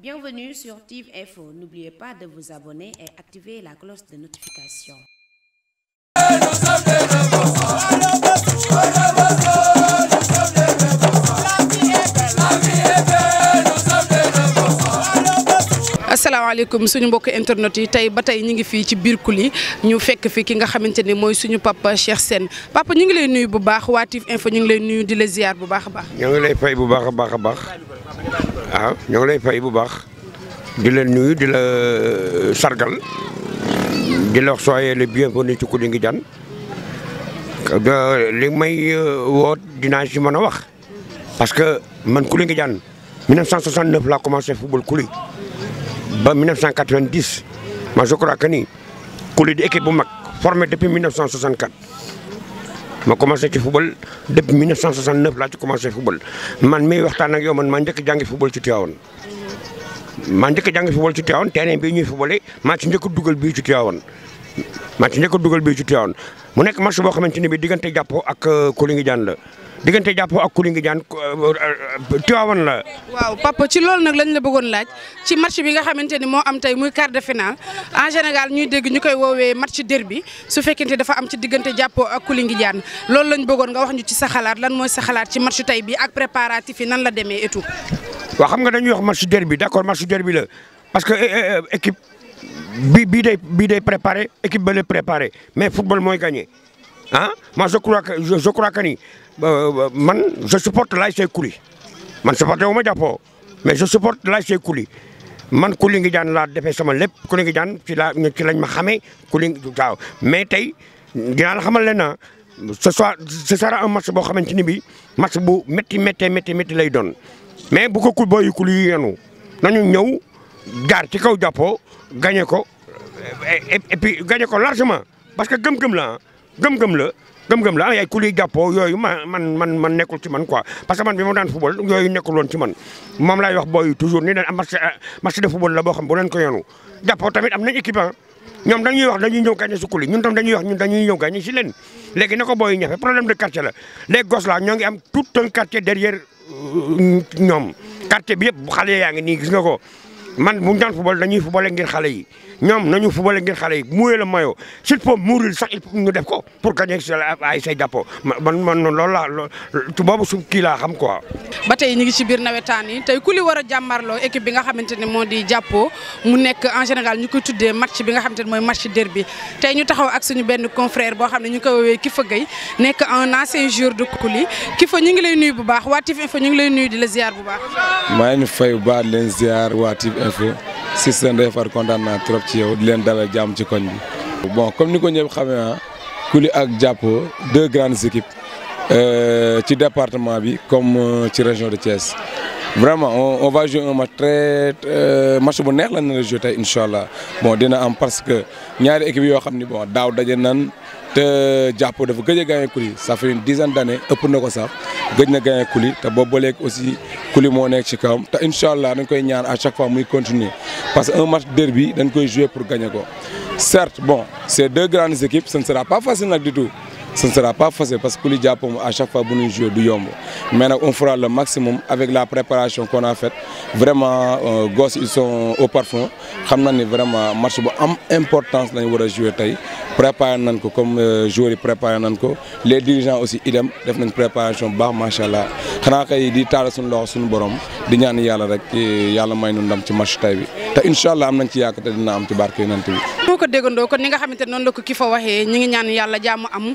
Bienvenue sur TIV Info. N'oubliez pas de vous abonner et activer la cloche de notification. asalaamaaleykum suñu mbokk internet yi tay batay ñi ngi fi ci biir Kuli ñu fekk fi ki nga xamanteni moy suñu papa Cheikh sen. papa ñi ngi lay nuyu bu baax wa tif Info ñi ngi lay nuyu di la ziar bu baax baax. ñi ngi lay fay bu baax baax baax. Ah, ñoo lay fay bu baax di la nuyu di la euh, sargal di la wax soyee le bienvenu ci kudi ngi jan li may euh, woot dinaa si mën a wax parce que man kuli ngi jan 1969 la commencé football kuli ba 1990 mais je crois que ni kuli di équipe bu mag formé depuis 1964 ma commencé ci football depuis 1969 la ci commencé football man mi waxtan ak yow man ma ndek jangi football ci tiawon ma ndek jangi football ci tiawon tene bi ñuy footballé ma ci ndek duggal bi ci tiawon ma ci ndek duggal bi ci tiawon mu nek match bo xamanteni bi digante jappo ak ko li nga jand diggante jàppoo ak Koury Ngidiane euh, Tivaouane la. waaw papa ci loolu nag lañu la bëggoon laaj ci match bi nga xamante ni moo am tey muy quart de finale en général ñuy dégg ñu koy woowee match derby su fekkente dafa am ci diggante jàppo ak Koury Ngidiane loolu lañ bëggoon nga wax ñu ci sa xalaat lan mooy sa xalaat ci match tey bi ak préparatif yi nan la demee et tout. waaw xam nga dañuy wax match derby d'accord match derby la parce que euh, euh, équipe bi bii day bii day préparé équipe ba lay mais football mooy gagné. ah moi je crois que je, je crois que ni euh, euh, man je supporte l'ASC Kouly man supporté wu ma jàppoo mais je supporte l'ASC Kouly man Kouly ngi jaan laa defee sama lépp Kouly ngi daan ci laa ci lañ ma xamee Kouly waaw mais tey dinaa la xamal leen ce soir ce sera un match boo xamante ni bi match bu métti métti métti métti lay doon mais bu ko kul booyu kul yu yenu nañu ñëw jaar ci kaw jàppoo gagné ko et ko largement parce que gëm-gëm la gëm-gëm la gëm-gëm la ah, ay kuli jàppoo yooyu man man man nekkul ci man quoi parce que man bi ma daan football yooyu nekkul woon ci man moom laay wax booy toujours ni leen am ah, match ah, match de football la boo xam bu leen ko yoonu jàppoo tamit am nañ équipe ñoom dañuy wax dañuy ñëw gàññe sukuli dañuy wax ñun dañuy ñëw gàññe si leen léegi na ko booy ñafe problème de quartier la les gosses là ñoo ngi am tout un quartier derrière euh, euh, ñoom quartier bi yëpp xale yaa ngi nii gis nga ko man bu ñu daan football dañuy footballé ngir xale yi ñoom nañu footballé ngir xale yi muyee la mayo s'il faut mourir sax il def ko pour gagner ay say jàppoo man man loolu laa tu su kii laa xam quoi. ba tey ñu ngi ci biir nawetaan yi tey ku li war a jàmmarloo équipe bi nga xamante ne moo di jàppoo mu nekk en général ñu koy tuddee match bi nga xamante ne mooy match derby tey ñu taxaw ak ñu benn confrère boo xam ne ñu koy woowee ki Gueye nekk un ancien joueur de Kouly Kifa ñu ngi lay nuyu bu baax waa TIV ñu ngi lay nuyu di la ziar bu baax. maa ngi fay bu baax leen ziar info sis seen defar kontaan naa trop ci yow di leen dalal jàmm ci koñ bi. bon comme ni ko ñëpp xamee ah Kuli ak Jàppo deux grandes équipes euh, ci département bi comme euh, ci région de Thiès. vraiment on, on va jouer un match très euh, match bu neex la na la jouer tey incha allah bon dina am parce que ñaari équipe yoo xam ni bon daaw daje nan te jàpp dafa gëj a gagné Koulibaly ça fait une dizaine d' années ëpp na ko sax gëj na gagné Koulibaly te boobu ba léegi aussi Koulibaly moo nekk ci kawam te incha allah dañ koy ñaan à chaque fois muy continuer parce que un match derby dañ koy jouer pur gagner ko certes bon c' est deux grandes équipes ce sera pas facile nag du tout ce ne sera pas facile parce que Koulidia, à chaque fois que nous jouons, du yombo. Maintenant, on fera le maximum avec la préparation qu'on a faite. Vraiment, les euh, gosses, ils sont au parfum. Nous vraiment un match importance dans le jouer aujourd'hui. Préparer comme euh, joueurs préparer les dirigeants aussi idem def nañ préparation baax macha allah xanaa kay di taal suñu loxo suñu borom di ñaan yàlla rek yàlla may nu ndam ci match tay bi te incha allah am nañ ci yaakaar te dina am ci barke yonent bi. moo ko déggandoo kon ni nga xamante noonu la ko ki fa waxee ñu ngi ñaan yàlla jàmm am.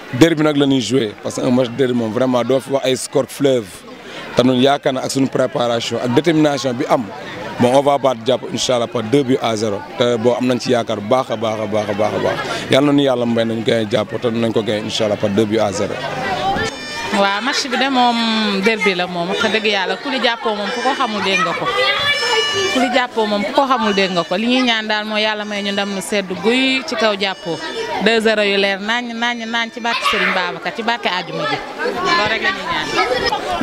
derby nag la ñuy joué parce que un match derby moom vraiment doo wax ay score fleuve te ñun yaakaar na ak suñu préparation ak détermination bi am bon on va battre jàpp incha par deux buts à zéro am nañ ci yaakaar baax a baax a baax a baax a baax yal na nu yàlla mbay nañ koy jàpp te nañ ko gagne incha allah de moom derby la moom wax dëgg yàlla ku li jàppoo moom ku ko ko. ku jàppoo moom ku ko xamul dégg nga ko li ñuy ñaan daal mooy yàlla may ñu ndam nu sedd guy ci kaw jàppoo deux heures yu leer naañ naañ naañ ci barke Serigne Babacar ci barke àjjuma ji loolu rek la ñuy ñaan.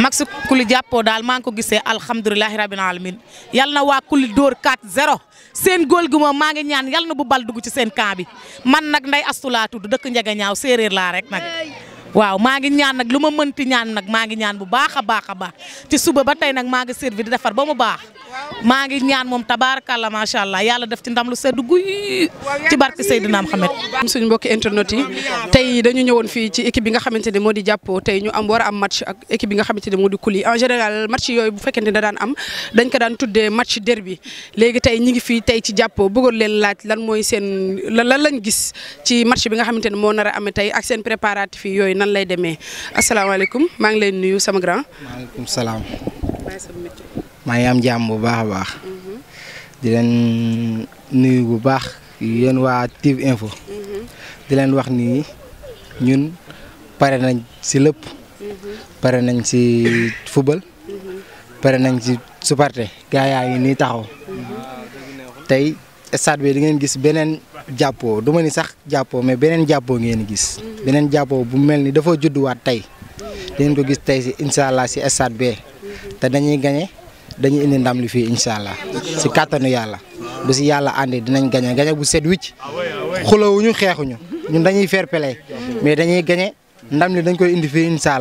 max ku jàppoo daal maa ngi ko gisee alhamdulilahi rabbil alamin yal waa kuli dóor 4-0 seen góol gi maa ngi ñaan yal na bu bal dugg seen camp bi man nag nday astulaa tudd dëkk njega ñaaw séeréer laa rek nag waaw maa ngi ñaan nag lu ma mënti ñaan nag maa ngi ñaan bu baax a baax a baax ci suba ba tey nag maa ngi servi di defar ba mu baax maa ngi ñaan moom tabaarakàlla macha allah yàlla def ci ndam lu sedd guy ci barke Seydina Mohamed. suñu mbokki internet tey dañu ñëwoon fii ci équipe bi nga xamante ne moo di jàppoo tey ñu am war a am match ak équipe ne moo di Kuli en général match yooyu bu fekkente ne daan am dañ ko daan tuddee match derby léegi tey ñi ngi fii tey ci jàppoo bëggoon leen laaj lan mooy seen lan lañ gis ci match bi nga xamante ne moo nar a amee tey ak seen préparatif yooyu nan lay demee asalaamaaleykum maa ngi lay nuyu sama grand. maaleykum salaam. maa ngi am jàmm bu baax a baax. Mhm. di leen nuyu bu baax yéen waa TIV info. Mhm. di leen wax nii ñun pare nañ si lëpp mhm. pare nañ si football. pare nañ ci supporter gaa yaa ngi nii taxaw. tey stade bi di ngeen gis beneen. jàppoo duma ni sax jàppoo mais beneen jàppoo ngeen gis beneen jàppoo bu mel ni dafa judduwaat tey dinañ ko gis tey si incha allah si stade te dañuy gañe dañuy indi ndam li fii incha allah si kàttanu yàlla bu si yàlla àndi dinañ gañe gañe bu set wicc xulawuñu xeexuñu ñun dañuy fair mais dañuy gañe ndam li dañ koy indi fii incha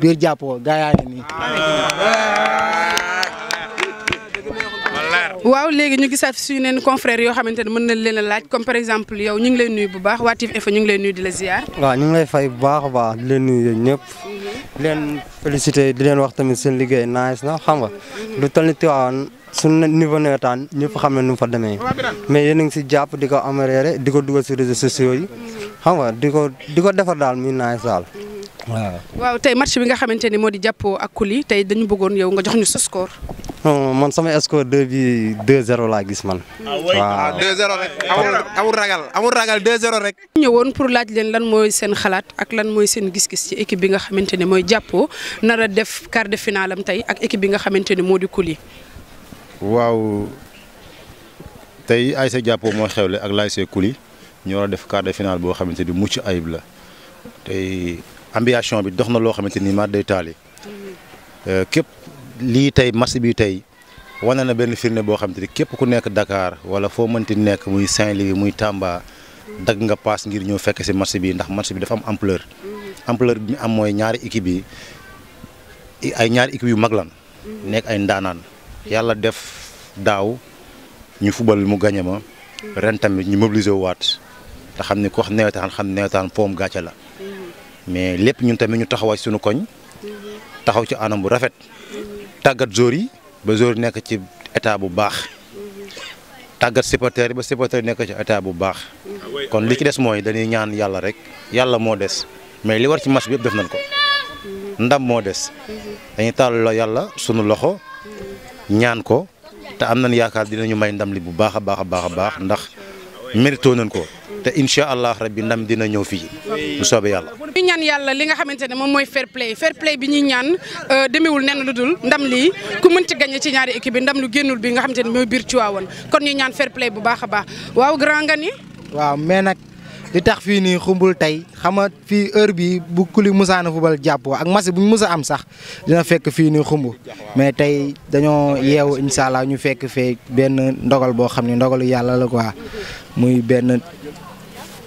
biir jàppoo gaa yaa ngi nii waaw léegi ñu gisaat suñu neen confrères yoo xamante ne mën na leen a laaj comme par exemple yow ñu ngi lay nuyu bu baax waa TIV ñu ngi lay nuyu di la ziar. waaw ñu ngi a baax di leen nuyu ñëpp. di leen félicité di leen wax tamit seen liggéey nice na xam nga lu toll ni Tivaouane suñu niveau nawetaan ñëpp xam ne nu mu fa demee mais yéen a ngi si jàpp di ko améliorer di ko dugal si réseaux sociaux yi xam nga di ko di ko defar daal muy nice daal. waaw waaw tey match bi nga xamante ne moo di jàppoo ak Kuli tey dañu bëggoon yow nga jox ñu sa score. man sama score 2 bi 2-0 laa gis man. Ah waaw 2 ah, amul ragal amul ragal 2-0 rek. ñëwoon pour laaj leen lan mooy seen xalaat ak lan mooy seen gis-gis ci équipe bi nga xamante ni mooy jàppoo nar a def quart de finale am tey ak équipe bi nga xamante ni moo di Kuli. waaw tey ASC jàppoo moo xewle ak l'ASC Kuli ñu war a def quart de finale boo xamante ni mucc ayib la tey ambition bi dox na loo xamante ni maa day taali mm-hmm. euh, képp. lii tey match bi tey wane na benn firne boo xam te ni képp ku nekk Dakar wala foo mënti nekk muy Saint-Louis muy Tamba dagg nga paas ngir ñëw fekk si marché bi ndax match bi dafa am ampleur. Mhm. ampleur bi am mooy ñaari équipe yi ay ñaari équipe yu mag lan mhm. nekk ay ndaanaan yàlla def daaw ñu fubal mu gañe ma mhm. ren tamit ñu mobiliser waat te xam ne ku wax nawetaan xam nawetaan foom gàcce la mais lépp ñun tamit ñu taxawaay suñu koñ taxaw ci anam bu rafet tàggat joueurs yi ba joueurs nekk ci état bu baax tàggat supporters yi ba supporters yi nekk ci état bu baax kon li ci des mooy dañuy ñaan yàlla rek yàlla moo des mais li war ci match bi yëpp def nañ ko ndam moo des dañuy tàll la yàlla sunu loxo ñaan ko te am nañ yaakaar dinañu may ndam li bu baax a baax a baax a baax ndax mérito nañ ko. te incha allah rabbi ndam dina ñëw fii bu soobee yàlla. ñu ñaan yàlla li nga xamante ne moom mooy fair play fair play bi ñuy ñaan euh, demewul nen lu dul ndam li ku mën ci gagné ci ñaari équipe bi ndam lu génnul bi nga xamante ne mooy biir Tivaouane kon ñuy ñaan fair play bu baax a baax waaw grand nga ni waaw mais nag li tax fii nii xumbul tey xam nga fii heure bii bu kuli musaana fubal jàppoo ak match bu ñu musa am sax dina fekk fii nii xumb mais tey dañoo yeewu incha allah ñu fekk fee benn ndogal boo xam ne ndogalu yàlla la quoi muy benn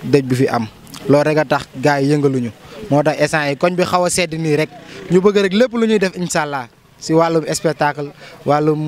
dëj bi fi am loolu rek a tax gars yi yëngaluñu moo tax instant yi koñ bi xaw a sedd nii rek ñu bëgg rek lépp lu ñuy def incha allah si wàllum spectacle wàllum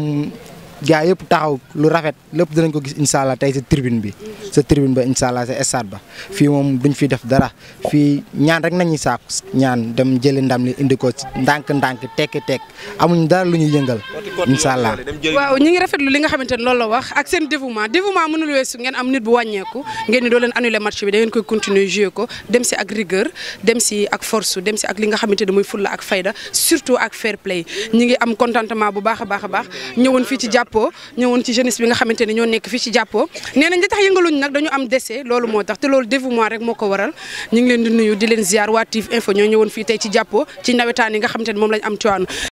gaa yëpp taxaw lu rafet lépp dinañ ko gis incha tey sa tribune bi sa tribune ba incha sa stade ba fii moom duñ fi def dara fii ñaan rek nañuy saako ñaan dem jëli ndam li indi ko ndànk-ndànk tekki-tekk amuñ dara lu ñuy yëngal incha allah. waaw ñi ngi rafetlu li nga xamante ne loolu la wax ak seen dévouement dévouement mënul weesu ngeen am nit bu wàññeeku ngeen doo leen annulé match bi da koy continuer jouer ko dem si ak rigueur dem si ak force dem si ak li nga xamante ne mooy fulla ak fayda surtout ak fair play ñi ngi am contentement bu baax a baax a baax jàppoo ñëwoon ci jeunesse bi nga xamante ne ñoo nekk fii ci jàppo nee nañ li tax yëngaluñu nag dañu am décès loolu moo tax te loolu dévouement rek moo ko waral ñu ngi leen di nuyu di leen ziar waa TIV info ñoo ñëwoon fii tey ci jàppo ci nawetaan yi nga xamante ne moom lañ am Tivaouane